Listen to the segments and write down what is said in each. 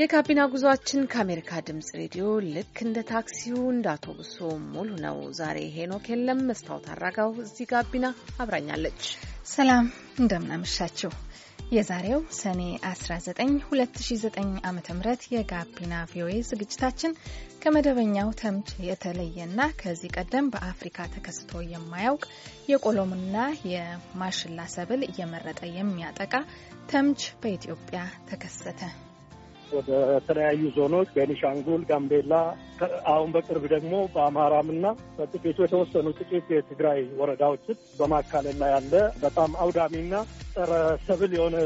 የጋቢና ጉዟችን ከአሜሪካ ድምጽ ሬዲዮ ልክ እንደ ታክሲው እንደ አውቶቡሱ ሙሉ ነው። ዛሬ ሄኖክ የለም፣ መስታወት አራጋው እዚህ ጋቢና አብራኛለች። ሰላም እንደምናመሻችሁ። የዛሬው ሰኔ 19 2009 ዓ ም የጋቢና ቪኦኤ ዝግጅታችን ከመደበኛው ተምች የተለየና ከዚህ ቀደም በአፍሪካ ተከስቶ የማያውቅ የቆሎምና የማሽላ ሰብል እየመረጠ የሚያጠቃ ተምች በኢትዮጵያ ተከሰተ ወደ ተለያዩ ዞኖች ቤኒሻንጉል፣ ጋምቤላ፣ አሁን በቅርብ ደግሞ በአማራም እና በጥቂቱ የተወሰኑ ጥቂት የትግራይ ወረዳዎችን በማካለል ያለ በጣም አውዳሚና ጸረ ሰብል የሆነ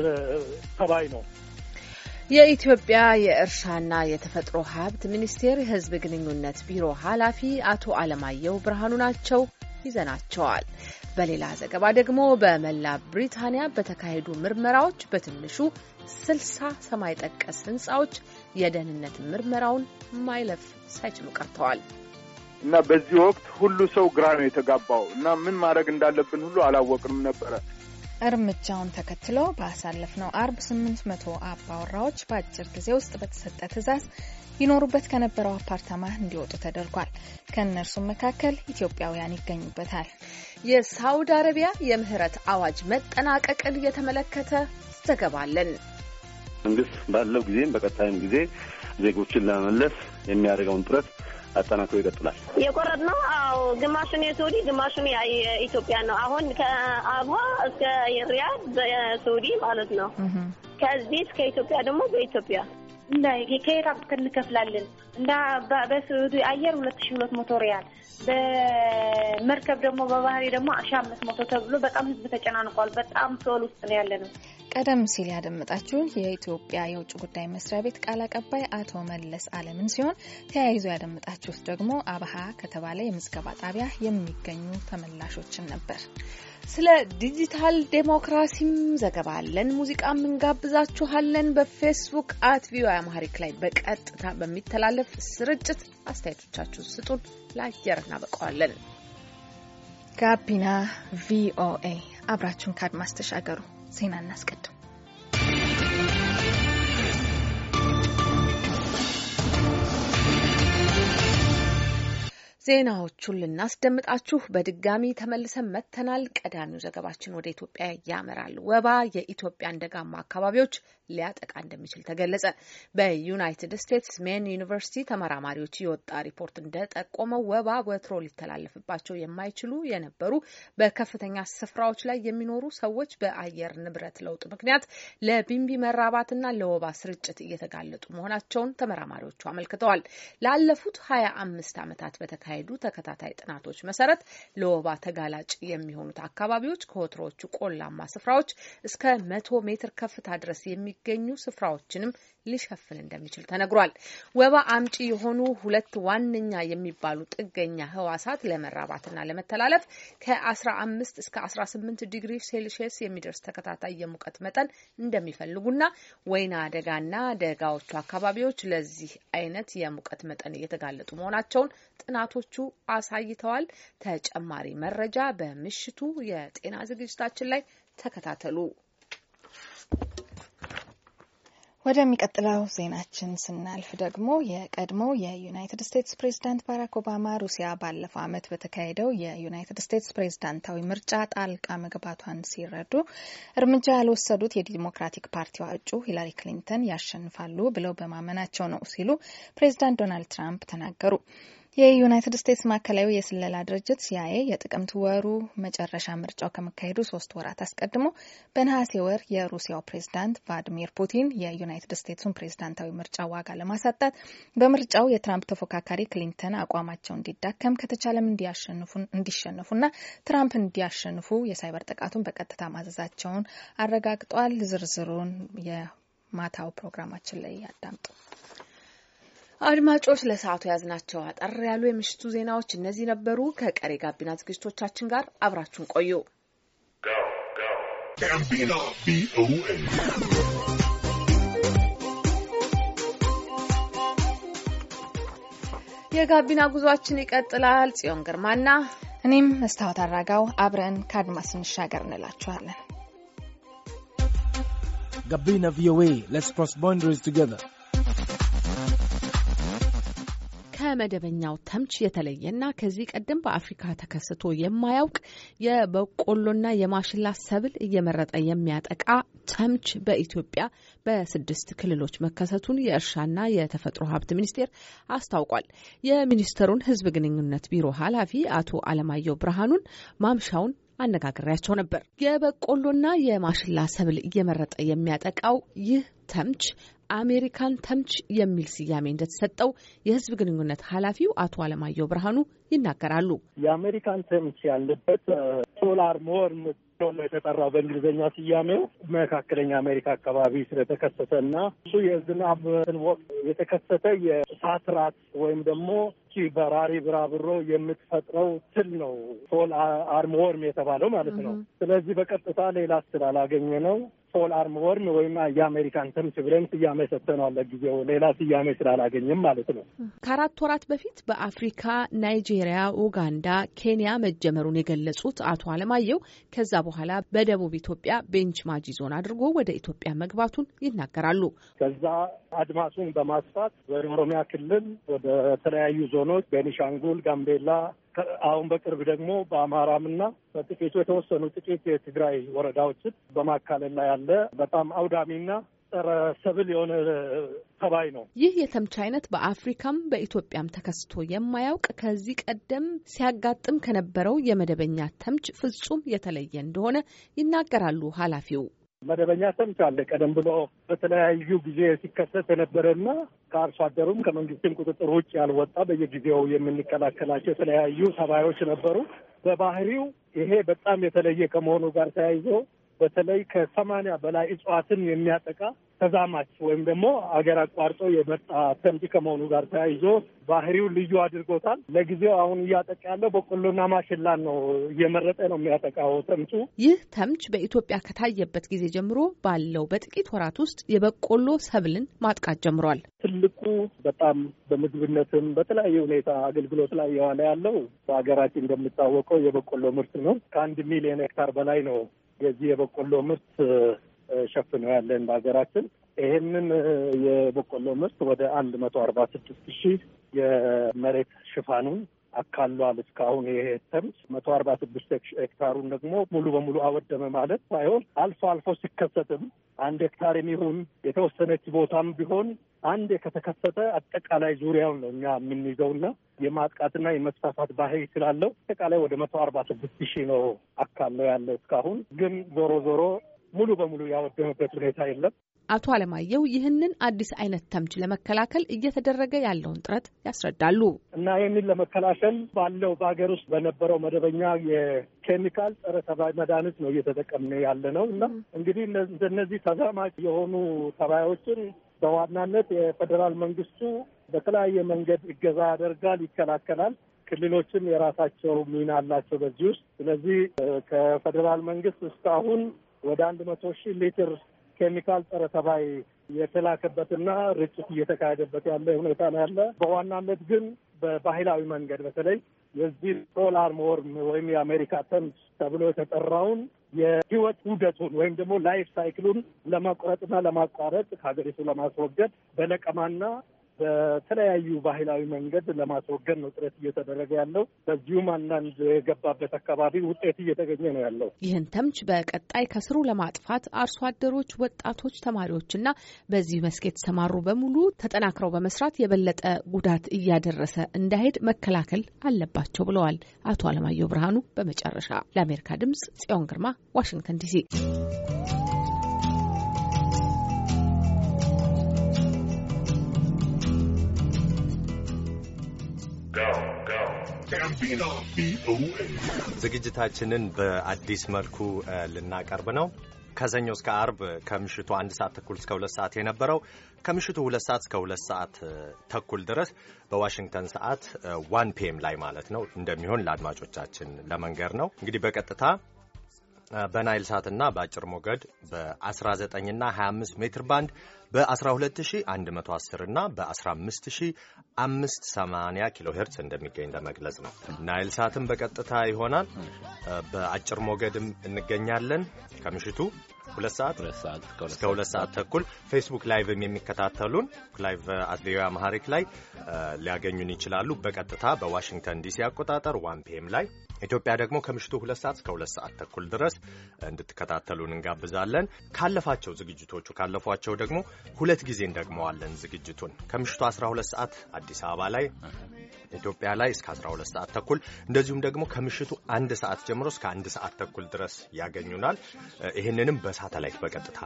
ተባይ ነው። የኢትዮጵያ የእርሻና የተፈጥሮ ሀብት ሚኒስቴር የሕዝብ ግንኙነት ቢሮ ኃላፊ አቶ አለማየሁ ብርሃኑ ናቸው። ይዘናቸዋል። በሌላ ዘገባ ደግሞ በመላ ብሪታንያ በተካሄዱ ምርመራዎች በትንሹ ስልሳ ሰማይ ጠቀስ ህንፃዎች የደህንነት ምርመራውን ማይለፍ ሳይችሉ ቀርተዋል። እና በዚህ ወቅት ሁሉ ሰው ግራ ነው የተጋባው እና ምን ማድረግ እንዳለብን ሁሉ አላወቅንም ነበረ። እርምጃውን ተከትሎ ባሳለፍነው አርብ ስምንት መቶ አባወራዎች በአጭር ጊዜ ውስጥ በተሰጠ ትዕዛዝ ይኖሩበት ከነበረው አፓርታማ እንዲወጡ ተደርጓል። ከእነርሱም መካከል ኢትዮጵያውያን ይገኙበታል። የሳውዲ አረቢያ የምህረት አዋጅ መጠናቀቅን የተመለከተ ዘገባ አለን። መንግስት ባለው ጊዜም በቀጣይም ጊዜ ዜጎችን ለመመለስ የሚያደርገውን ጥረት አጠናክሮ ይቀጥላል። የቆረጥ ነው። አዎ ግማሹን የሳውዲ ግማሹን የኢትዮጵያ ነው። አሁን ከአቧ እስከ ሪያድ በሳውዲ ማለት ነው። ከዚህ እስከ ኢትዮጵያ ደግሞ በኢትዮጵያ ከየት እንከፍላለን? እንዳ በሳውዲ አየር ሁለት ሺ ሁለት መቶ ሪያል በመርከብ ደግሞ በባህሪ ደግሞ ሺ አምስት መቶ ተብሎ በጣም ህዝብ ተጨናንቋል። በጣም ሶል ውስጥ ነው ያለ ነው። ቀደም ሲል ያደመጣችሁን የኢትዮጵያ የውጭ ጉዳይ መስሪያ ቤት ቃል አቀባይ አቶ መለስ አለምን ሲሆን ተያይዞ ያደመጣችሁት ደግሞ አብሃ ከተባለ የምዝገባ ጣቢያ የሚገኙ ተመላሾችን ነበር። ስለ ዲጂታል ዴሞክራሲም ዘገባ አለን፣ ሙዚቃም እንጋብዛችኋለን። በፌስቡክ አት ቪኦኤ አማሪክ ላይ በቀጥታ በሚተላለፍ ስርጭት አስተያየቶቻችሁ ስጡን፣ ለአየር እናበቀዋለን። ጋቢና ቪኦኤ አብራችሁን ካድማስ ተሻገሩ። ዜና እናስቀድም። ዜናዎቹን ልናስደምጣችሁ በድጋሚ ተመልሰን መጥተናል። ቀዳሚው ዘገባችን ወደ ኢትዮጵያ ያመራል። ወባ የኢትዮጵያን ደጋማ አካባቢዎች ሊያጠቃ እንደሚችል ተገለጸ። በዩናይትድ ስቴትስ ሜን ዩኒቨርሲቲ ተመራማሪዎች የወጣ ሪፖርት እንደጠቆመው ወባ ወትሮ ሊተላለፍባቸው የማይችሉ የነበሩ በከፍተኛ ስፍራዎች ላይ የሚኖሩ ሰዎች በአየር ንብረት ለውጥ ምክንያት ለቢንቢ መራባትና ለወባ ስርጭት እየተጋለጡ መሆናቸውን ተመራማሪዎቹ አመልክተዋል። ላለፉት ሀያ አምስት ዓመታት በተካሄዱ ተከታታይ ጥናቶች መሰረት ለወባ ተጋላጭ የሚሆኑት አካባቢዎች ከወትሮዎቹ ቆላማ ስፍራዎች እስከ መቶ ሜትር ከፍታ ድረስ የሚ የሚገኙ ስፍራዎችንም ሊሸፍን እንደሚችል ተነግሯል። ወባ አምጪ የሆኑ ሁለት ዋነኛ የሚባሉ ጥገኛ ህዋሳት ለመራባትና ለመተላለፍ ከ15 እስከ 18 ዲግሪ ሴልሺየስ የሚደርስ ተከታታይ የሙቀት መጠን እንደሚፈልጉና ወይና ደጋና ደጋዎቹ አካባቢዎች ለዚህ አይነት የሙቀት መጠን እየተጋለጡ መሆናቸውን ጥናቶቹ አሳይተዋል። ተጨማሪ መረጃ በምሽቱ የጤና ዝግጅታችን ላይ ተከታተሉ። ወደሚቀጥለው ዜናችን ስናልፍ ደግሞ የቀድሞ የዩናይትድ ስቴትስ ፕሬዝዳንት ባራክ ኦባማ ሩሲያ ባለፈው ዓመት በተካሄደው የዩናይትድ ስቴትስ ፕሬዝዳንታዊ ምርጫ ጣልቃ መግባቷን ሲረዱ እርምጃ ያልወሰዱት የዲሞክራቲክ ፓርቲዋ እጩ ሂላሪ ክሊንተን ያሸንፋሉ ብለው በማመናቸው ነው ሲሉ ፕሬዝዳንት ዶናልድ ትራምፕ ተናገሩ። የዩናይትድ ስቴትስ ማዕከላዊ የስለላ ድርጅት ሲአይኤ የጥቅምት ወሩ መጨረሻ ምርጫው ከመካሄዱ ሶስት ወራት አስቀድሞ በነሐሴ ወር የሩሲያው ፕሬዝዳንት ቭላዲሚር ፑቲን የዩናይትድ ስቴትሱን ፕሬዝዳንታዊ ምርጫ ዋጋ ለማሳጣት በምርጫው የትራምፕ ተፎካካሪ ክሊንተን አቋማቸው እንዲዳከም ከተቻለም እንዲሸንፉና ትራምፕ እንዲያሸንፉ የሳይበር ጥቃቱን በቀጥታ ማዘዛቸውን አረጋግጧል። ዝርዝሩን የማታው ፕሮግራማችን ላይ ያዳምጡ። አድማጮች ለሰዓቱ ያዝናቸው አጠር ያሉ የምሽቱ ዜናዎች እነዚህ ነበሩ። ከቀሪ ጋቢና ዝግጅቶቻችን ጋር አብራችሁን ቆዩ። የጋቢና ጉዟችን ይቀጥላል። ጽዮን ግርማና እኔም መስታወት አራጋው አብረን ከአድማስ እንሻገር እንላችኋለን። ጋቢና ቪኦኤ ሌትስ ክሮስ ባውንደሪስ ቱጌዘር ከመደበኛው ተምች የተለየና ከዚህ ቀደም በአፍሪካ ተከስቶ የማያውቅ የበቆሎና የማሽላ ሰብል እየመረጠ የሚያጠቃ ተምች በኢትዮጵያ በስድስት ክልሎች መከሰቱን የእርሻና የተፈጥሮ ሀብት ሚኒስቴር አስታውቋል። የሚኒስቴሩን ሕዝብ ግንኙነት ቢሮ ኃላፊ አቶ አለማየሁ ብርሃኑን ማምሻውን አነጋግሬያቸው ነበር። የበቆሎና የማሽላ ሰብል እየመረጠ የሚያጠቃው ይህ ተምች አሜሪካን ተምች የሚል ስያሜ እንደተሰጠው የህዝብ ግንኙነት ኃላፊው አቶ አለማየሁ ብርሃኑ ይናገራሉ። የአሜሪካን ተምች ያለበት ሶላር ሞር ሆኖ የተጠራው በእንግሊዝኛ ስያሜው መካከለኛ አሜሪካ አካባቢ ስለተከሰተ እና እሱ የዝናብን ወቅት የተከሰተ የእሳት ራት ወይም ደግሞ በራሪ ብራብሮ የምትፈጥረው ትል ነው ሶል አርምወርም የተባለው ማለት ነው። ስለዚህ በቀጥታ ሌላ ስል አላገኘ ነው ፖል አርምወርም ወይም የአሜሪካን ተምች ብለን ስያሜ ሰጥተነዋል። ለጊዜው ሌላ ስያሜ ስላላገኘም ማለት ነው። ከአራት ወራት በፊት በአፍሪካ ናይጄሪያ፣ ኡጋንዳ፣ ኬንያ መጀመሩን የገለጹት አቶ አለማየሁ ከዛ በኋላ በደቡብ ኢትዮጵያ ቤንች ማጂ ዞን አድርጎ ወደ ኢትዮጵያ መግባቱን ይናገራሉ። ከዛ አድማሱን በማስፋት ወደ ኦሮሚያ ክልል ወደ ተለያዩ ዞኖች፣ ቤኒሻንጉል፣ ጋምቤላ አሁን በቅርብ ደግሞ በአማራምና በጥቂቱ የተወሰኑ ጥቂት የትግራይ ወረዳዎችን በማካለል ላይ ያለ በጣም አውዳሚና ጸረ ሰብል የሆነ ተባይ ነው። ይህ የተምች አይነት በአፍሪካም በኢትዮጵያም ተከስቶ የማያውቅ ከዚህ ቀደም ሲያጋጥም ከነበረው የመደበኛ ተምች ፍጹም የተለየ እንደሆነ ይናገራሉ ኃላፊው። መደበኛ ሰምቻለ ቀደም ብሎ በተለያዩ ጊዜ ሲከሰት የነበረና ከአርሶ አደሩም ከመንግስትም ቁጥጥር ውጭ ያልወጣ በየጊዜው የምንከላከላቸው የተለያዩ ተባዮች ነበሩ። በባህሪው ይሄ በጣም የተለየ ከመሆኑ ጋር ተያይዞ በተለይ ከሰማንያ በላይ እጽዋትን የሚያጠቃ ተዛማች ወይም ደግሞ አገር አቋርጦ የመጣ ተምች ከመሆኑ ጋር ተያይዞ ባህሪው ልዩ አድርጎታል። ለጊዜው አሁን እያጠቃ ያለው በቆሎና ማሽላን ነው፣ እየመረጠ ነው የሚያጠቃው ተምቹ። ይህ ተምች በኢትዮጵያ ከታየበት ጊዜ ጀምሮ ባለው በጥቂት ወራት ውስጥ የበቆሎ ሰብልን ማጥቃት ጀምሯል። ትልቁ በጣም በምግብነትም በተለያየ ሁኔታ አገልግሎት ላይ የዋለ ያለው በሀገራችን እንደሚታወቀው የበቆሎ ምርት ነው። ከአንድ ሚሊዮን ሄክታር በላይ ነው የዚህ የበቆሎ ምርት ሸፍነው ያለን በሀገራችን ይህንን የበቆሎ ምርት ወደ አንድ መቶ አርባ ስድስት ሺህ የመሬት ሽፋኑን አካሏል። እስካሁን ይሄ ተምስ መቶ አርባ ስድስት ሄክታሩን ደግሞ ሙሉ በሙሉ አወደመ ማለት ሳይሆን አልፎ አልፎ ሲከሰትም አንድ ሄክታር የሚሆን የተወሰነች ቦታም ቢሆን አንድ ከተከሰተ አጠቃላይ ዙሪያውን ነው እኛ የምንይዘውና የማጥቃትና የመስፋፋት ባህሪ ስላለው አጠቃላይ ወደ መቶ አርባ ስድስት ሺህ ነው አካል ነው ያለው። እስካሁን ግን ዞሮ ዞሮ ሙሉ በሙሉ ያወደመበት ሁኔታ የለም። አቶ አለማየሁ ይህንን አዲስ አይነት ተምች ለመከላከል እየተደረገ ያለውን ጥረት ያስረዳሉ። እና ይህንን ለመከላከል ባለው በሀገር ውስጥ በነበረው መደበኛ የኬሚካል ጸረ ተባይ መድኃኒት ነው እየተጠቀምን ያለ ነው እና እንግዲህ እንደነዚህ ተዛማጅ የሆኑ ተባዮችን በዋናነት የፌዴራል መንግስቱ በተለያየ መንገድ እገዛ ያደርጋል፣ ይከላከላል። ክልሎችም የራሳቸው ሚና አላቸው በዚህ ውስጥ። ስለዚህ ከፌዴራል መንግስት እስካሁን ወደ አንድ መቶ ሺህ ሊትር ኬሚካል ጸረ ተባይ የተላከበትና ርጭት እየተካሄደበት ያለ ሁኔታ ነው ያለ። በዋናነት ግን በባህላዊ መንገድ በተለይ የዚህ ሶላር ዎርም ወይም የአሜሪካ ተምስ ተብሎ የተጠራውን የህይወት ውደቱን ወይም ደግሞ ላይፍ ሳይክሉን ለማቁረጥና ለማቋረጥ ከሀገሪቱ ለማስወገድ በለቀማና በተለያዩ ባህላዊ መንገድ ለማስወገድ ነው ጥረት እየተደረገ ያለው። በዚሁም አንዳንድ የገባበት አካባቢ ውጤት እየተገኘ ነው ያለው። ይህን ተምች በቀጣይ ከስሩ ለማጥፋት አርሶ አደሮች፣ ወጣቶች፣ ተማሪዎችና በዚህ መስክ የተሰማሩ በሙሉ ተጠናክረው በመስራት የበለጠ ጉዳት እያደረሰ እንዳይሄድ መከላከል አለባቸው ብለዋል አቶ አለማየሁ ብርሃኑ። በመጨረሻ ለአሜሪካ ድምጽ ጽዮን ግርማ ዋሽንግተን ዲሲ ዝግጅታችንን በአዲስ መልኩ ልናቀርብ ነው። ከሰኞ እስከ አርብ ከምሽቱ አንድ ሰዓት ተኩል እስከ ሁለት ሰዓት የነበረው ከምሽቱ ሁለት ሰዓት እስከ ሁለት ሰዓት ተኩል ድረስ በዋሽንግተን ሰዓት ዋን ፒኤም ላይ ማለት ነው እንደሚሆን ለአድማጮቻችን ለመንገር ነው። እንግዲህ በቀጥታ በናይል ሳትና በአጭር ሞገድ በ19ና 25 ሜትር ባንድ በ12110 እና በ15580 ኪሎ ሄርትስ እንደሚገኝ ለመግለጽ ነው። ናይል ሳትም በቀጥታ ይሆናል። በአጭር ሞገድም እንገኛለን ከምሽቱ ሁለት ሰዓት እስከ ሁለት ሰዓት ተኩል ፌስቡክ ላይቭም የሚከታተሉን ላይቭ አትቪዮ አማሐሪክ ላይ ሊያገኙን ይችላሉ። በቀጥታ በዋሽንግተን ዲሲ አቆጣጠር ዋን ፒኤም ላይ ኢትዮጵያ ደግሞ ከምሽቱ ሁለት ሰዓት እስከ ሁለት ሰዓት ተኩል ድረስ እንድትከታተሉን እንጋብዛለን። ካለፋቸው ዝግጅቶቹ ካለፏቸው ደግሞ ሁለት ጊዜ እንደግመዋለን ዝግጅቱን ከምሽቱ 12 ሰዓት አዲስ አበባ ላይ ኢትዮጵያ ላይ እስከ 12 ሰዓት ተኩል እንደዚሁም ደግሞ ከምሽቱ አንድ ሰዓት ጀምሮ እስከ አንድ ሰዓት ተኩል ድረስ ያገኙናል። ይህንንም በሳተላይት በቀጥታ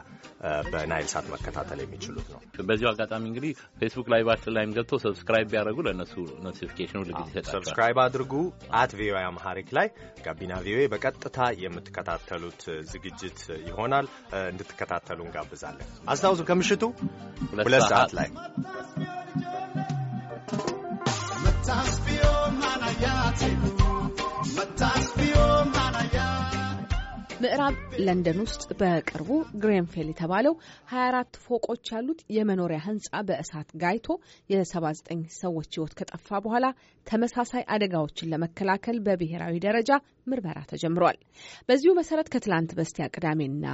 በናይል ሳት መከታተል የሚችሉት ነው። በዚሁ አጋጣሚ እንግዲህ ፌስቡክ ባስ ላይም ገብቶ ሰብስክራይብ ቢያደርጉ ለእነሱ ኖቲፊኬሽኑ ልግት ይሰጣል። ሰብስክራይብ አድርጉ። አት ቪኦኤ አማሃሪክ ላይ ጋቢና ቪኦኤ በቀጥታ የምትከታተሉት ዝግጅት ይሆናል። እንድትከታተሉ እንጋብዛለን። አስታውሱ ከምሽቱ ሁለት ሰዓት ላይ Matas Pio Manayati ምዕራብ ለንደን ውስጥ በቅርቡ ግሬንፌል የተባለው 24 ፎቆች ያሉት የመኖሪያ ህንፃ በእሳት ጋይቶ የ79 ሰዎች ህይወት ከጠፋ በኋላ ተመሳሳይ አደጋዎችን ለመከላከል በብሔራዊ ደረጃ ምርመራ ተጀምሯል። በዚሁ መሰረት ከትላንት በስቲያ ቅዳሜና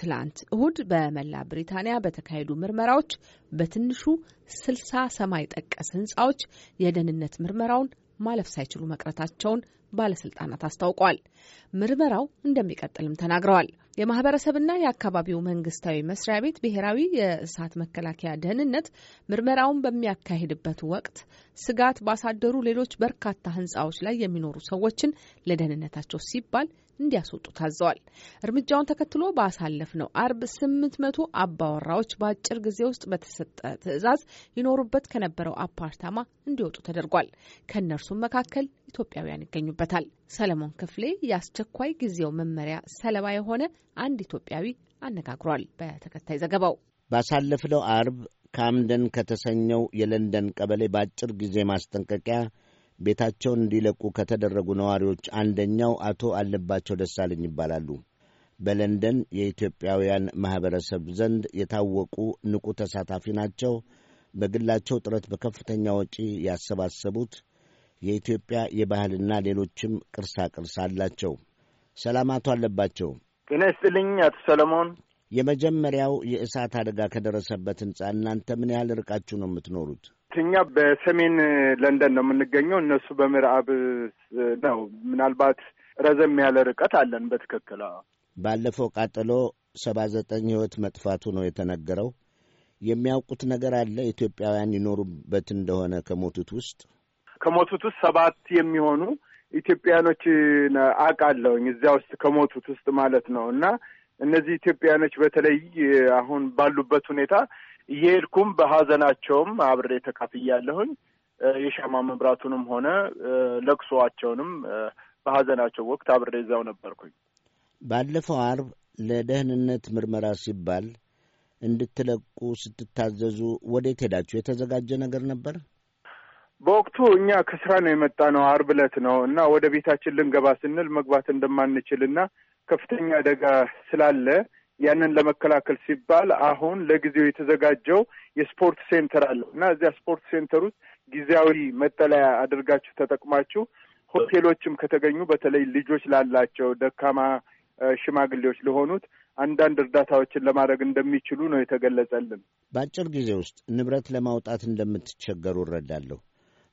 ትላንት እሁድ በመላ ብሪታንያ በተካሄዱ ምርመራዎች በትንሹ 60 ሰማይ ጠቀስ ህንፃዎች የደህንነት ምርመራውን ማለፍ ሳይችሉ መቅረታቸውን ባለስልጣናት አስታውቋል። ምርመራው እንደሚቀጥልም ተናግረዋል። የማህበረሰብና የአካባቢው መንግስታዊ መስሪያ ቤት ብሔራዊ የእሳት መከላከያ ደህንነት ምርመራውን በሚያካሂድበት ወቅት ስጋት ባሳደሩ ሌሎች በርካታ ህንፃዎች ላይ የሚኖሩ ሰዎችን ለደህንነታቸው ሲባል እንዲያስወጡ ታዘዋል። እርምጃውን ተከትሎ ባሳለፍነው አርብ ስምንት መቶ አባወራዎች በአጭር ጊዜ ውስጥ በተሰጠ ትዕዛዝ ይኖሩበት ከነበረው አፓርታማ እንዲወጡ ተደርጓል። ከእነርሱም መካከል ኢትዮጵያውያን ይገኙበታል። ሰለሞን ክፍሌ የአስቸኳይ ጊዜው መመሪያ ሰለባ የሆነ አንድ ኢትዮጵያዊ አነጋግሯል። በተከታይ ዘገባው ባሳለፍነው አርብ ካምደን ከተሰኘው የለንደን ቀበሌ በአጭር ጊዜ ማስጠንቀቂያ ቤታቸውን እንዲለቁ ከተደረጉ ነዋሪዎች አንደኛው አቶ አለባቸው ደሳለኝ ይባላሉ። በለንደን የኢትዮጵያውያን ማኅበረሰብ ዘንድ የታወቁ ንቁ ተሳታፊ ናቸው። በግላቸው ጥረት በከፍተኛ ወጪ ያሰባሰቡት የኢትዮጵያ የባህልና ሌሎችም ቅርሳ ቅርስ አላቸው። ሰላም አቶ አለባቸው። ጤና ይስጥልኝ አቶ ሰለሞን። የመጀመሪያው የእሳት አደጋ ከደረሰበት ህንጻ እናንተ ምን ያህል ርቃችሁ ነው የምትኖሩት? እኛ በሰሜን ለንደን ነው የምንገኘው፣ እነሱ በምዕራብ ነው። ምናልባት ረዘም ያለ ርቀት አለን። በትክክል ባለፈው ቃጠሎ ሰባ ዘጠኝ ህይወት መጥፋቱ ነው የተነገረው። የሚያውቁት ነገር አለ ኢትዮጵያውያን ይኖሩበት እንደሆነ ከሞቱት ውስጥ ከሞቱት ውስጥ ሰባት የሚሆኑ ኢትዮጵያኖች አውቃለሁኝ እዚያ ውስጥ ከሞቱት ውስጥ ማለት ነው እና እነዚህ ኢትዮጵያኖች በተለይ አሁን ባሉበት ሁኔታ እየሄድኩም በሀዘናቸውም አብሬ ተካፍያለሁኝ። የሻማ መብራቱንም ሆነ ለቅሶዋቸውንም በሀዘናቸው ወቅት አብሬ እዛው ነበርኩኝ። ባለፈው አርብ ለደህንነት ምርመራ ሲባል እንድትለቁ ስትታዘዙ ወዴት ሄዳችሁ? የተዘጋጀ ነገር ነበር? በወቅቱ እኛ ከስራ ነው የመጣ ነው። አርብ ዕለት ነው እና ወደ ቤታችን ልንገባ ስንል መግባት እንደማንችል እና ከፍተኛ አደጋ ስላለ ያንን ለመከላከል ሲባል አሁን ለጊዜው የተዘጋጀው የስፖርት ሴንተር አለው እና እዚያ ስፖርት ሴንተር ውስጥ ጊዜያዊ መጠለያ አድርጋችሁ ተጠቅማችሁ ሆቴሎችም ከተገኙ በተለይ ልጆች ላላቸው ደካማ ሽማግሌዎች ለሆኑት አንዳንድ እርዳታዎችን ለማድረግ እንደሚችሉ ነው የተገለጸልን። በአጭር ጊዜ ውስጥ ንብረት ለማውጣት እንደምትቸገሩ እረዳለሁ።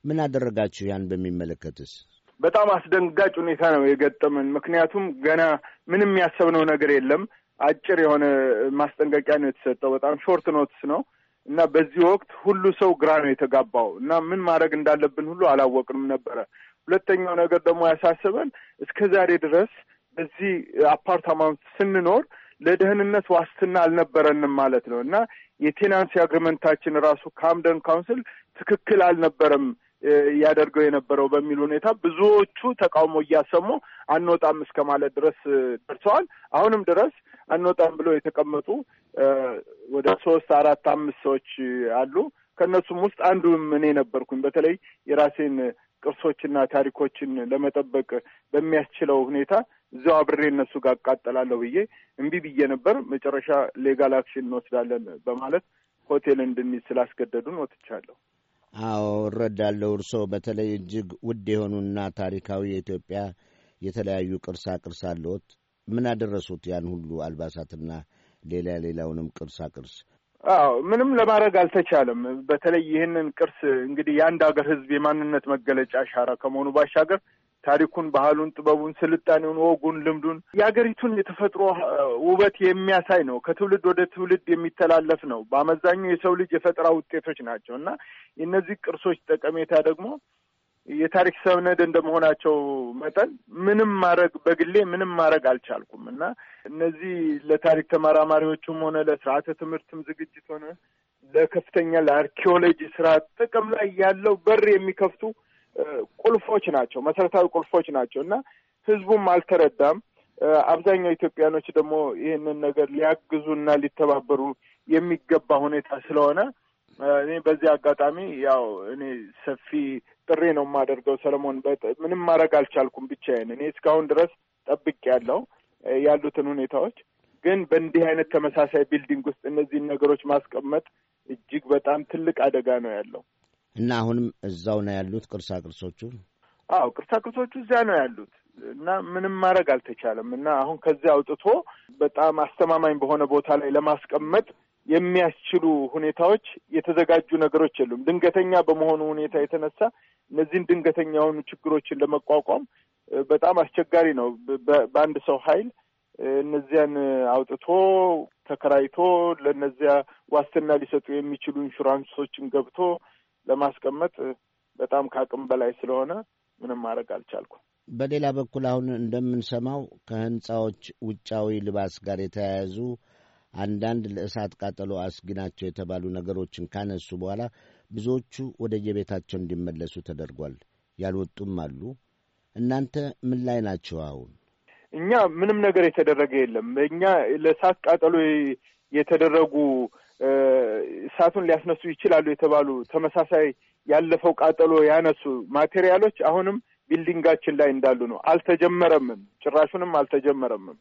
ምን አደረጋችሁ? ያን በሚመለከትስ በጣም አስደንጋጭ ሁኔታ ነው የገጠመን። ምክንያቱም ገና ምንም ያሰብነው ነገር የለም። አጭር የሆነ ማስጠንቀቂያ ነው የተሰጠው። በጣም ሾርት ኖትስ ነው እና በዚህ ወቅት ሁሉ ሰው ግራ ነው የተጋባው እና ምን ማድረግ እንዳለብን ሁሉ አላወቅንም ነበረ። ሁለተኛው ነገር ደግሞ ያሳስበን እስከ ዛሬ ድረስ በዚህ አፓርታማ ስንኖር ለደህንነት ዋስትና አልነበረንም ማለት ነው እና የቴናንሲ አግሪመንታችን ራሱ ከአምደን ካውንስል ትክክል አልነበረም ያደርገው የነበረው በሚል ሁኔታ ብዙዎቹ ተቃውሞ እያሰሙ አንወጣም እስከ ማለት ድረስ ደርሰዋል። አሁንም ድረስ አንወጣም ብለው የተቀመጡ ወደ ሶስት አራት አምስት ሰዎች አሉ። ከእነሱም ውስጥ አንዱ እኔ ነበርኩኝ። በተለይ የራሴን ቅርሶችና ታሪኮችን ለመጠበቅ በሚያስችለው ሁኔታ እዚያው አብሬ እነሱ ጋር አቃጠላለሁ ብዬ እምቢ ብዬ ነበር። መጨረሻ ሌጋል አክሽን እንወስዳለን በማለት ሆቴል እንድንይዝ ስላስገደዱን ወጥቻለሁ። አዎ እረዳለሁ። እርሶ በተለይ እጅግ ውድ የሆኑና ታሪካዊ የኢትዮጵያ የተለያዩ ቅርሳ ቅርስ አለዎት። ምን አደረሱት? ያን ሁሉ አልባሳትና ሌላ ሌላውንም ቅርሳ ቅርስ። አዎ ምንም ለማድረግ አልተቻለም። በተለይ ይህንን ቅርስ እንግዲህ የአንድ ሀገር ሕዝብ የማንነት መገለጫ አሻራ ከመሆኑ ባሻገር ታሪኩን፣ ባህሉን፣ ጥበቡን፣ ስልጣኔውን፣ ወጉን፣ ልምዱን የሀገሪቱን የተፈጥሮ ውበት የሚያሳይ ነው። ከትውልድ ወደ ትውልድ የሚተላለፍ ነው። በአመዛኙ የሰው ልጅ የፈጠራ ውጤቶች ናቸው እና የእነዚህ ቅርሶች ጠቀሜታ ደግሞ የታሪክ ሰነድ እንደመሆናቸው መጠን ምንም ማድረግ በግሌ ምንም ማድረግ አልቻልኩም እና እነዚህ ለታሪክ ተመራማሪዎችም ሆነ ለስርዓተ ትምህርትም ዝግጅት ሆነ ለከፍተኛ ለአርኪኦሎጂ ስራ ጥቅም ላይ ያለው በር የሚከፍቱ ቁልፎች ናቸው፣ መሰረታዊ ቁልፎች ናቸው እና ህዝቡም አልተረዳም። አብዛኛው ኢትዮጵያኖች ደግሞ ይህንን ነገር ሊያግዙ ና ሊተባበሩ የሚገባ ሁኔታ ስለሆነ እኔ በዚህ አጋጣሚ ያው እኔ ሰፊ ጥሪ ነው የማደርገው። ሰለሞን ምንም ማድረግ አልቻልኩም ብቻዬን። እኔ እስካሁን ድረስ ያለው ያሉትን ሁኔታዎች። ግን በእንዲህ አይነት ተመሳሳይ ቢልዲንግ ውስጥ እነዚህን ነገሮች ማስቀመጥ እጅግ በጣም ትልቅ አደጋ ነው ያለው። እና አሁንም እዛው ነው ያሉት ቅርሳ ቅርሶቹ? አዎ ቅርሳ ቅርሶቹ እዚያ ነው ያሉት እና ምንም ማድረግ አልተቻለም። እና አሁን ከዚያ አውጥቶ በጣም አስተማማኝ በሆነ ቦታ ላይ ለማስቀመጥ የሚያስችሉ ሁኔታዎች የተዘጋጁ ነገሮች የሉም። ድንገተኛ በመሆኑ ሁኔታ የተነሳ እነዚህን ድንገተኛ የሆኑ ችግሮችን ለመቋቋም በጣም አስቸጋሪ ነው። በአንድ ሰው ኃይል እነዚያን አውጥቶ ተከራይቶ ለእነዚያ ዋስትና ሊሰጡ የሚችሉ ኢንሹራንሶችን ገብቶ ለማስቀመጥ በጣም ከአቅም በላይ ስለሆነ ምንም ማድረግ አልቻልኩም። በሌላ በኩል አሁን እንደምንሰማው ከህንፃዎች ውጫዊ ልባስ ጋር የተያያዙ አንዳንድ ለእሳት ቃጠሎ አስጊ ናቸው የተባሉ ነገሮችን ካነሱ በኋላ ብዙዎቹ ወደ የቤታቸው እንዲመለሱ ተደርጓል። ያልወጡም አሉ። እናንተ ምን ላይ ናቸው አሁን? እኛ ምንም ነገር የተደረገ የለም። እኛ ለእሳት ቃጠሎ የተደረጉ እሳቱን ሊያስነሱ ይችላሉ የተባሉ ተመሳሳይ ያለፈው ቃጠሎ ያነሱ ማቴሪያሎች አሁንም ቢልዲንጋችን ላይ እንዳሉ ነው። አልተጀመረምም፣ ጭራሹንም አልተጀመረምም።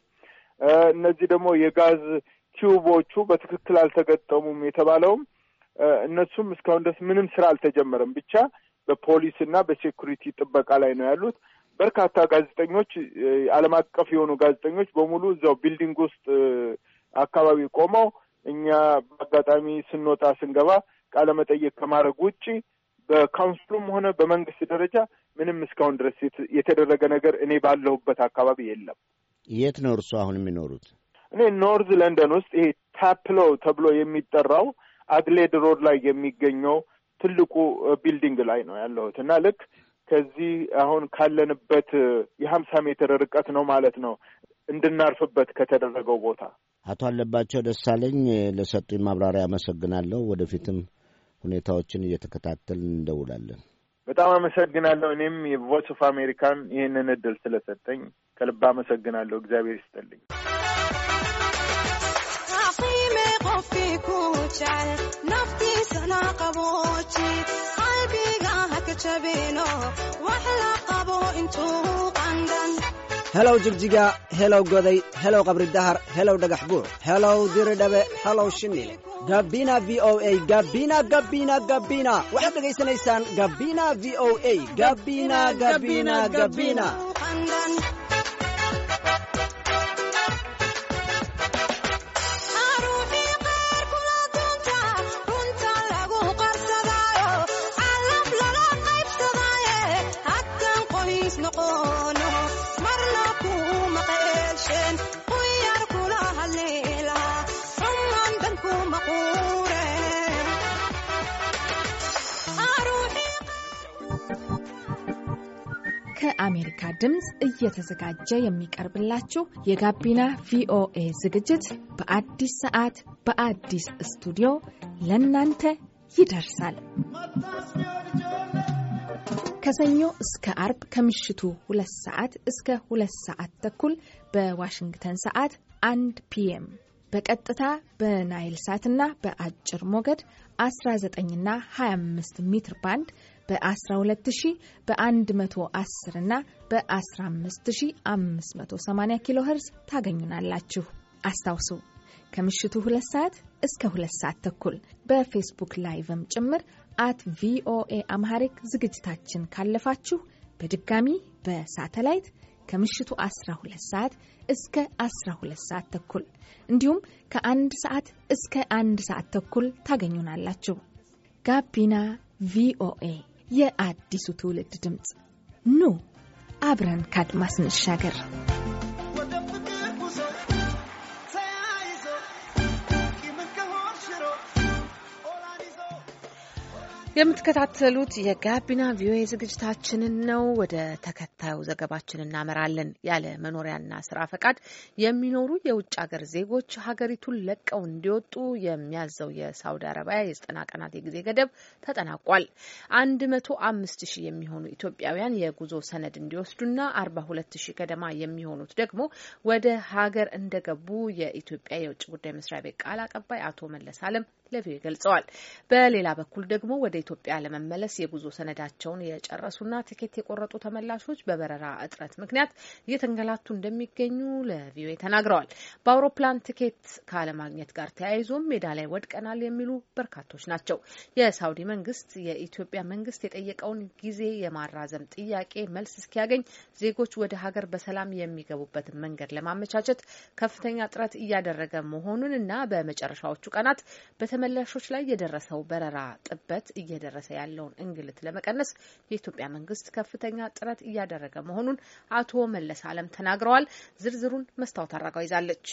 እነዚህ ደግሞ የጋዝ ቲዩቦቹ በትክክል አልተገጠሙም የተባለውም እነሱም እስካሁን ድረስ ምንም ስራ አልተጀመረም። ብቻ በፖሊስ እና በሴኩሪቲ ጥበቃ ላይ ነው ያሉት። በርካታ ጋዜጠኞች፣ ዓለም አቀፍ የሆኑ ጋዜጠኞች በሙሉ እዛው ቢልዲንግ ውስጥ አካባቢ ቆመው እኛ በአጋጣሚ ስንወጣ ስንገባ ቃለ መጠየቅ ከማድረግ ውጭ በካውንስሉም ሆነ በመንግስት ደረጃ ምንም እስካሁን ድረስ የተደረገ ነገር እኔ ባለሁበት አካባቢ የለም። የት ነው እርሱ አሁን የሚኖሩት? እኔ ኖርዝ ለንደን ውስጥ ይሄ ታፕሎ ተብሎ የሚጠራው አግሌድ ሮድ ላይ የሚገኘው ትልቁ ቢልዲንግ ላይ ነው ያለሁት እና ልክ ከዚህ አሁን ካለንበት የሀምሳ ሜትር ርቀት ነው ማለት ነው እንድናርፍበት ከተደረገው ቦታ። አቶ አለባቸው ደሳለኝ ለሰጡኝ ማብራሪያ አመሰግናለሁ። ወደፊትም ሁኔታዎችን እየተከታተል እንደውላለን። በጣም አመሰግናለሁ። እኔም የቮይስ ኦፍ አሜሪካን ይህንን እድል ስለሰጠኝ ከልብ አመሰግናለሁ። እግዚአብሔር ይስጠልኝ። helow jigjiga helow goday helow qabri dahar helow dhagax buux helow diridhabe helow shimil gabina v o a gabina gabina gabina waxaad dhegaysanaysaan gabina v o a gabina gabina gabina ከአሜሪካ ድምፅ እየተዘጋጀ የሚቀርብላችሁ የጋቢና ቪኦኤ ዝግጅት በአዲስ ሰዓት በአዲስ ስቱዲዮ ለእናንተ ይደርሳል። ከሰኞ እስከ አርብ ከምሽቱ ሁለት ሰዓት እስከ ሁለት ሰዓት ተኩል በዋሽንግተን ሰዓት አንድ ፒኤም በቀጥታ በናይል ሳትና በአጭር ሞገድ 19ና 25 ሜትር ባንድ በ12000 በ110 እና በ15580 ኪሎ ኸርዝ ታገኙናላችሁ። አስታውሱ ከምሽቱ ሁለት ሰዓት እስከ ሁለት ሰዓት ተኩል በፌስቡክ ላይቭም ጭምር አት ቪኦኤ አምሃሪክ ዝግጅታችን ካለፋችሁ በድጋሚ በሳተላይት ከምሽቱ 12 ሰዓት እስከ 12 ሰዓት ተኩል እንዲሁም ከአንድ ሰዓት እስከ አንድ ሰዓት ተኩል ታገኙናላችሁ። ጋቢና ቪኦኤ የአዲሱ ትውልድ ድምፅ ኑ አብረን ካድማስ እንሻገር። የምትከታተሉት የጋቢና ቪኦኤ ዝግጅታችንን ነው። ወደ ተከታዩ ዘገባችን እናመራለን። ያለ መኖሪያና ስራ ፈቃድ የሚኖሩ የውጭ ሀገር ዜጎች ሀገሪቱን ለቀው እንዲወጡ የሚያዘው የሳውዲ አረቢያ የዘጠና ቀናት የጊዜ ገደብ ተጠናቋል። አንድ መቶ አምስት ሺህ የሚሆኑ ኢትዮጵያውያን የጉዞ ሰነድ እንዲወስዱና አርባ ሁለት ሺህ ገደማ የሚሆኑት ደግሞ ወደ ሀገር እንደገቡ የኢትዮጵያ የውጭ ጉዳይ መስሪያ ቤት ቃል አቀባይ አቶ መለስ አለም ለቪኦኤ ገልጸዋል። በሌላ በኩል ደግሞ ወደ ኢትዮጵያ ለመመለስ የጉዞ ሰነዳቸውን የጨረሱና ቲኬት የቆረጡ ተመላሾች በበረራ እጥረት ምክንያት እየተንገላቱ እንደሚገኙ ለቪኦኤ ተናግረዋል። በአውሮፕላን ቲኬት ካለማግኘት ጋር ተያይዞም ሜዳ ላይ ወድቀናል የሚሉ በርካቶች ናቸው። የሳውዲ መንግስት የኢትዮጵያ መንግስት የጠየቀውን ጊዜ የማራዘም ጥያቄ መልስ እስኪያገኝ ዜጎች ወደ ሀገር በሰላም የሚገቡበትን መንገድ ለማመቻቸት ከፍተኛ ጥረት እያደረገ መሆኑን እና በመጨረሻዎቹ ቀናት ተመላሾች ላይ የደረሰው በረራ ጥበት እየደረሰ ያለውን እንግልት ለመቀነስ የኢትዮጵያ መንግስት ከፍተኛ ጥረት እያደረገ መሆኑን አቶ መለስ አለም ተናግረዋል። ዝርዝሩን መስታወት አራጋው ይዛለች።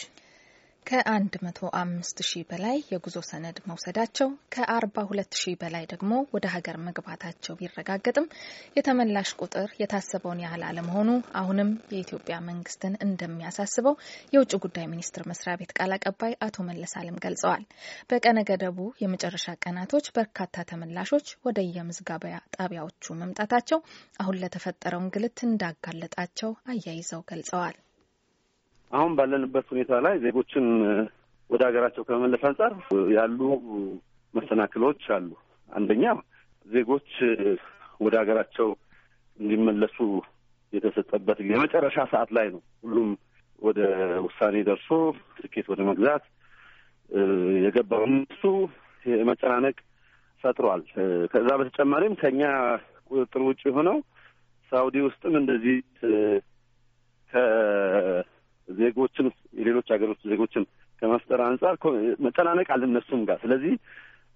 ከ105 ሺህ በላይ የጉዞ ሰነድ መውሰዳቸው ከ42 ሺህ በላይ ደግሞ ወደ ሀገር መግባታቸው ቢረጋገጥም የተመላሽ ቁጥር የታሰበውን ያህል አለመሆኑ አሁንም የኢትዮጵያ መንግስትን እንደሚያሳስበው የውጭ ጉዳይ ሚኒስትር መስሪያ ቤት ቃል አቀባይ አቶ መለስ አለም ገልጸዋል። በቀነ ገደቡ የመጨረሻ ቀናቶች በርካታ ተመላሾች ወደ የምዝገባ ጣቢያዎቹ መምጣታቸው አሁን ለተፈጠረው እንግልት እንዳጋለጣቸው አያይዘው ገልጸዋል። አሁን ባለንበት ሁኔታ ላይ ዜጎችን ወደ ሀገራቸው ከመመለስ አንጻር ያሉ መሰናክሎች አሉ። አንደኛ ዜጎች ወደ ሀገራቸው እንዲመለሱ የተሰጠበት የመጨረሻ ሰዓት ላይ ነው ሁሉም ወደ ውሳኔ ደርሶ ትኬት ወደ መግዛት የገባው እሱ መጨናነቅ ፈጥሯል። ከዛ በተጨማሪም ከኛ ቁጥጥር ውጭ የሆነው ሳውዲ ውስጥም እንደዚህ ዜጎችን የሌሎች ሀገሮች ዜጎችን ከመፍጠር አንጻር መጨናነቅ አለ እነሱም ጋር። ስለዚህ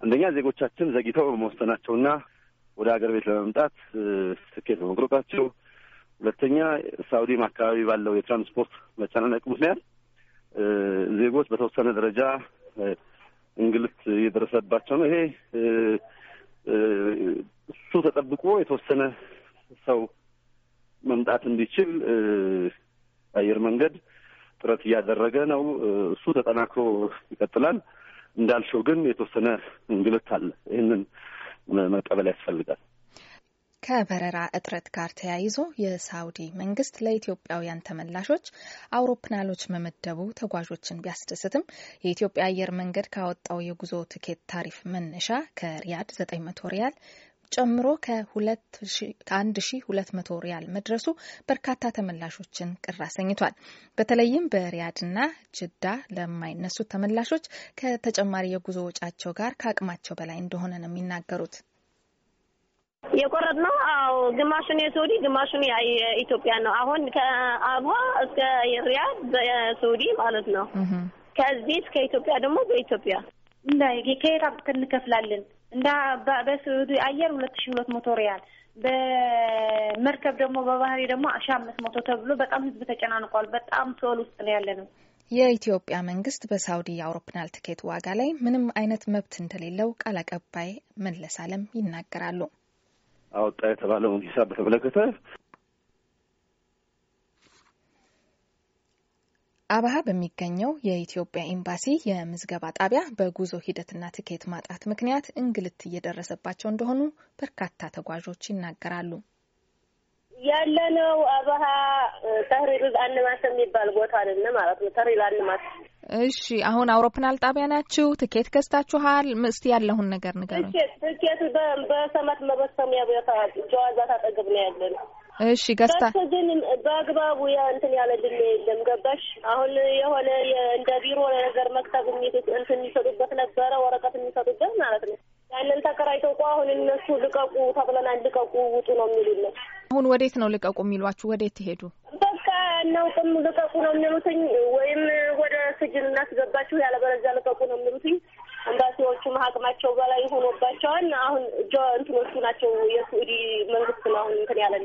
አንደኛ ዜጎቻችን ዘግይተው በመወሰናቸውና ወደ ሀገር ቤት ለመምጣት ትኬት በመቁረጣቸው፣ ሁለተኛ ሳውዲም አካባቢ ባለው የትራንስፖርት መጨናነቅ ምክንያት ዜጎች በተወሰነ ደረጃ እንግልት እየደረሰባቸው ነው። ይሄ እሱ ተጠብቆ የተወሰነ ሰው መምጣት እንዲችል አየር መንገድ ጥረት እያደረገ ነው። እሱ ተጠናክሮ ይቀጥላል። እንዳልሽው ግን የተወሰነ እንግልት አለ። ይህንን መቀበል ያስፈልጋል። ከበረራ እጥረት ጋር ተያይዞ የሳውዲ መንግስት ለኢትዮጵያውያን ተመላሾች አውሮፕላኖች መመደቡ ተጓዦችን ቢያስደስትም የኢትዮጵያ አየር መንገድ ካወጣው የጉዞ ትኬት ታሪፍ መነሻ ከሪያድ 900 ሪያል ጨምሮ ከ1200 ሪያል መድረሱ በርካታ ተመላሾችን ቅር አሰኝቷል። በተለይም በሪያድና ጅዳ ለማይነሱት ተመላሾች ከተጨማሪ የጉዞ ወጫቸው ጋር ከአቅማቸው በላይ እንደሆነ ነው የሚናገሩት። የቆረጥ ነው። አዎ ግማሹን የሳውዲ ግማሹን የኢትዮጵያ ነው። አሁን ከአርባ እስከ ሪያድ በሳውዲ ማለት ነው። ከዚህ እስከ ኢትዮጵያ ደግሞ በኢትዮጵያ ከየት እንከፍላለን? እንደ በስዑዲ አየር ሁለት ሺ ሁለት መቶ ሪያል በመርከብ ደግሞ በባህሪ ደግሞ አሻ አምስት መቶ ተብሎ በጣም ህዝብ ተጨናንቋል። በጣም ሰወል ውስጥ ነው ያለ ነው። የኢትዮጵያ መንግስት በሳውዲ የአውሮፕላን ትኬት ዋጋ ላይ ምንም አይነት መብት እንደሌለው ቃል አቀባይ መለስ አለም ይናገራሉ። አወጣ የተባለውን ሂሳብ በተመለከተ አብሃ በሚገኘው የኢትዮጵያ ኤምባሲ የምዝገባ ጣቢያ በጉዞ ሂደትና ትኬት ማጣት ምክንያት እንግልት እየደረሰባቸው እንደሆኑ በርካታ ተጓዦች ይናገራሉ። ያለነው አብሃ ተህሪር አንማስ የሚባል ቦታ አለ ማለት ነው። ተህሪር አንማስ። እሺ፣ አሁን አውሮፕላን ጣቢያ ናችሁ። ትኬት ገዝታችኋል? እስቲ ያለሁን ነገር ንገሩኝ። ትኬት በሰማት መበሰሚያ ቦታ ጀዋዛት አጠገብ ነው ያለነው እሺ ገዝታ ግን በአግባቡ እንትን ያለ ድሜ የለም። ገባሽ? አሁን የሆነ እንደ ቢሮ ነገር መክተብ እንትን የሚሰጡበት ነበረ፣ ወረቀት የሚሰጡበት ማለት ነው። ያንን ተከራይተው እኮ አሁን እነሱ ልቀቁ ተብለናል፣ ልቀቁ ውጡ ነው የሚሉልን። አሁን ወዴት ነው ልቀቁ የሚሏችሁ? ወዴት ትሄዱ? በቃ እናውቅም ልቀቁ ነው የሚሉትኝ ወይም ስጅን እናስገባችሁ ያለበለዚያ ልቀቁ ነው የሚሉት። ኤምባሲዎቹም አቅማቸው በላይ ሆኖባቸዋል። አሁን ጆ እንትኖቹ ናቸው የሱዲ መንግስት ነው አሁን እንትን ያለ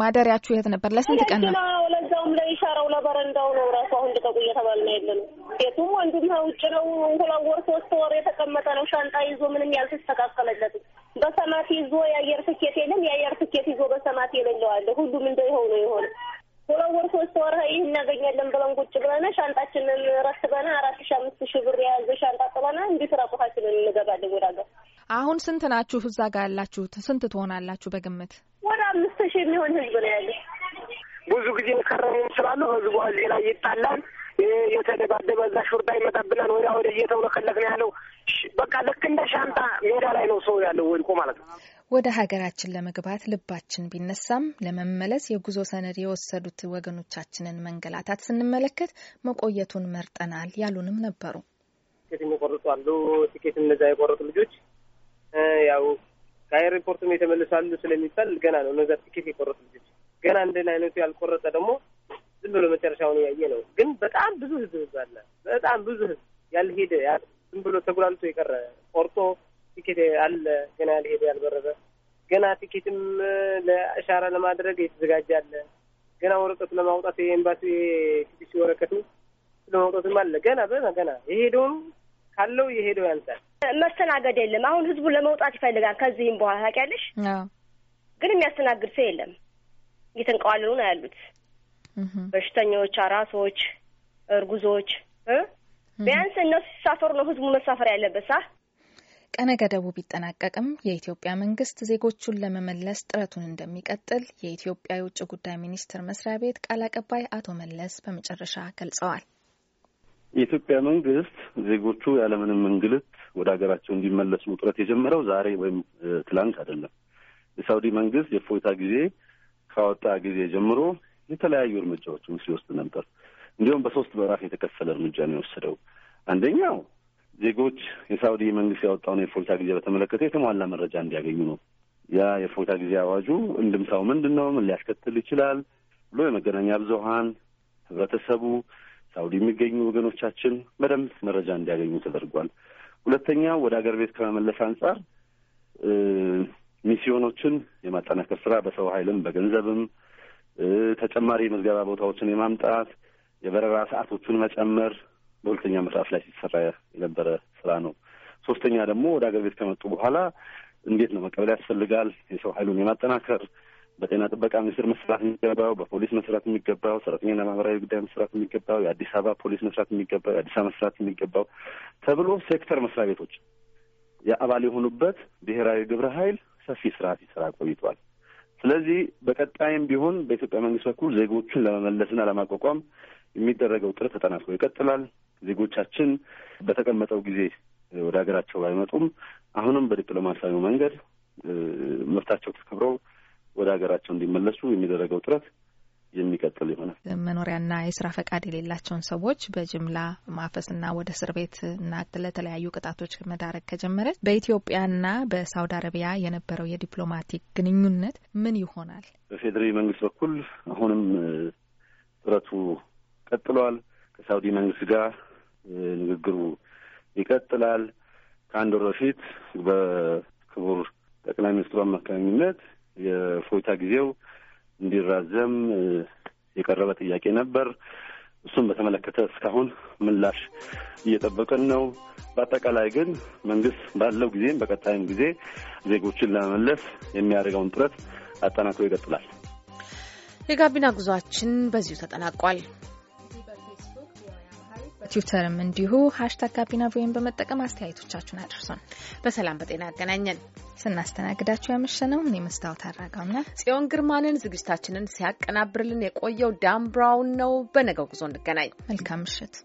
ማደሪያችሁ የት ነበር? ለስንት ቀን ነው? ለዛውም ለኢሻራው ለበረንዳው ነው ራሱ አሁን ልቀቁ እየተባለ ነው ያለ ነው። ቤቱም ወንዱም ውጭ ነው። ሁለት ወር ሶስት ወር የተቀመጠ ነው። ሻንጣ ይዞ ምንም ያልተስተካከለለትም በሰማት ይዞ የአየር ትኬት የለም። የአየር ትኬት ይዞ በሰማት የሌለዋለ ሁሉም እንደ ይኸው ነው የሆነ ሁለት ወር ሶስት ወር ይህ እናገኛለን ብለን ቁጭ ብለና ሻንጣችንን ረትበና አራት ሺ አምስት ሺ ብር የያዘ ሻንጣ ጥለና እንዲህ ስራ እንገባለን ወደ ሀገር። አሁን ስንት ናችሁ እዛ ጋር ያላችሁት? ስንት ትሆናላችሁ በግምት? ወደ አምስት ሺ የሚሆን ህዝብ ነው ያለ። ብዙ ጊዜ ከረሙም ስላሉ ህዝቡ እዚህ ላይ ይጣላል የተደባደበ እዛ ሹርዳ ይመጣብናል። ወደ ወደ እየተውለከለክ ነው ያለው። በቃ ልክ እንደ ሻንጣ ሜዳ ላይ ነው ሰው ያለው ወድቆ ማለት ነው። ወደ ሀገራችን ለመግባት ልባችን ቢነሳም ለመመለስ የጉዞ ሰነድ የወሰዱት ወገኖቻችንን መንገላታት ስንመለከት መቆየቱን መርጠናል ያሉንም ነበሩ። ትኬት የሚቆርጡ አሉ። ትኬት እነዛ የቆረጡ ልጆች ያው ከኤርፖርትም የተመልሳሉ ስለሚባል ገና ነው። እነዛ ትኬት የቆረጡ ልጆች ገና እንደን አይነቱ ያልቆረጠ ደግሞ ዝም ብሎ መጨረሻውን ያየ ነው። ግን በጣም ብዙ ህዝብ ህዝብ አለ። በጣም ብዙ ህዝብ ያልሄደ ዝም ብሎ ተጉላልቶ የቀረ ቆርጦ ቲኬት አለ ገና ሊሄድ ያልበረረ ገና ቲኬትም ለእሻራ ለማድረግ የተዘጋጀ አለ። ገና ወረቀቱ ለማውጣት የኤምባሲ ቲክሲ ወረቀቱ ለማውጣትም አለ ገና በዛ ገና የሄደውም ካለው የሄደው ያንሳል። መስተናገድ የለም። አሁን ህዝቡ ለመውጣት ይፈልጋል። ከዚህም በኋላ ታውቂያለሽ፣ ግን የሚያስተናግድ ሰው የለም። እየተንቀዋለሉ ነው ያሉት በሽተኞች፣ አራሶች፣ እርጉዞች ቢያንስ እነሱ ሲሳፈሩ ነው ህዝቡ መሳፈር ያለበት ሳ ቀነ ገደቡ ቢጠናቀቅም የኢትዮጵያ መንግስት ዜጎቹን ለመመለስ ጥረቱን እንደሚቀጥል የኢትዮጵያ የውጭ ጉዳይ ሚኒስቴር መስሪያ ቤት ቃል አቀባይ አቶ መለስ በመጨረሻ ገልጸዋል። የኢትዮጵያ መንግስት ዜጎቹ ያለምንም እንግልት ወደ ሀገራቸው እንዲመለሱ ጥረት የጀመረው ዛሬ ወይም ትላንት አይደለም። የሳውዲ መንግስት የእፎይታ ጊዜ ካወጣ ጊዜ ጀምሮ የተለያዩ እርምጃዎችን ሲወስድ ነበር። እንዲሁም በሶስት ምዕራፍ የተከፈለ እርምጃ ነው የወሰደው። አንደኛው ዜጎች የሳውዲ መንግስት ያወጣውን የእፎይታ ጊዜ በተመለከተ የተሟላ መረጃ እንዲያገኙ ነው። ያ የእፎይታ ጊዜ አዋጁ እንድምታው ምንድን ነው? ምን ሊያስከትል ይችላል ብሎ የመገናኛ ብዙሀን ህብረተሰቡ፣ ሳውዲ የሚገኙ ወገኖቻችን በደንብ መረጃ እንዲያገኙ ተደርጓል። ሁለተኛ ወደ ሀገር ቤት ከመመለስ አንጻር ሚስዮኖችን የማጠናከር ስራ በሰው ኃይልም በገንዘብም ተጨማሪ የምዝገባ ቦታዎችን የማምጣት የበረራ ሰዓቶቹን መጨመር በሁለተኛ ምዕራፍ ላይ ሲሰራ የነበረ ስራ ነው። ሶስተኛ ደግሞ ወደ ሀገር ቤት ከመጡ በኋላ እንዴት ነው መቀበል ያስፈልጋል። የሰው ኃይሉን የማጠናከር በጤና ጥበቃ ሚኒስቴር መስራት የሚገባው፣ በፖሊስ መስራት የሚገባው፣ ሰራተኛና ማህበራዊ ጉዳይ መስራት የሚገባው፣ የአዲስ አበባ ፖሊስ መስራት የሚገባው፣ የአዲስ አበባ መስራት የሚገባው ተብሎ ሴክተር መስሪያ ቤቶች የአባል የሆኑበት ብሔራዊ ግብረ ኃይል ሰፊ ስርዓት ይሰራ ቆይቷል። ስለዚህ በቀጣይም ቢሆን በኢትዮጵያ መንግስት በኩል ዜጎቹን ለመመለስና ለማቋቋም የሚደረገው ጥረት ተጠናክሮ ይቀጥላል። ዜጎቻችን በተቀመጠው ጊዜ ወደ ሀገራቸው ባይመጡም አሁንም በዲፕሎማሲያዊ መንገድ መብታቸው ተከብረው ወደ ሀገራቸው እንዲመለሱ የሚደረገው ጥረት የሚቀጥል ይሆናል። መኖሪያና የስራ ፈቃድ የሌላቸውን ሰዎች በጅምላ ማፈስና ወደ እስር ቤት እና ለተለያዩ ቅጣቶች መዳረግ ከጀመረች በኢትዮጵያና በሳውዲ አረቢያ የነበረው የዲፕሎማቲክ ግንኙነት ምን ይሆናል? በፌዴራል መንግስት በኩል አሁንም ጥረቱ ቀጥሏል። ከሳውዲ መንግስት ጋር ንግግሩ ይቀጥላል። ከአንድ ወር በፊት በክቡር ጠቅላይ ሚኒስትሩ አማካኝነት የእፎይታ ጊዜው እንዲራዘም የቀረበ ጥያቄ ነበር። እሱን በተመለከተ እስካሁን ምላሽ እየጠበቅን ነው። በአጠቃላይ ግን መንግስት ባለው ጊዜም በቀጣይም ጊዜ ዜጎችን ለመመለስ የሚያደርገውን ጥረት አጠናክሮ ይቀጥላል። የጋቢና ጉዟችን በዚሁ ተጠናቋል። ትዊተርም እንዲሁ ሀሽታግ ጋቢና ቪኦኤን በመጠቀም አስተያየቶቻችሁን አድርሷል። በሰላም በጤና ያገናኘን። ስናስተናግዳችሁ ያመሸነው እኔ መስታወት አራጋውና ጽዮን ግርማንን ዝግጅታችንን ሲያቀናብርልን የቆየው ዳም ብራውን ነው። በነገው ጉዞ እንገናኝ። መልካም ምሽት።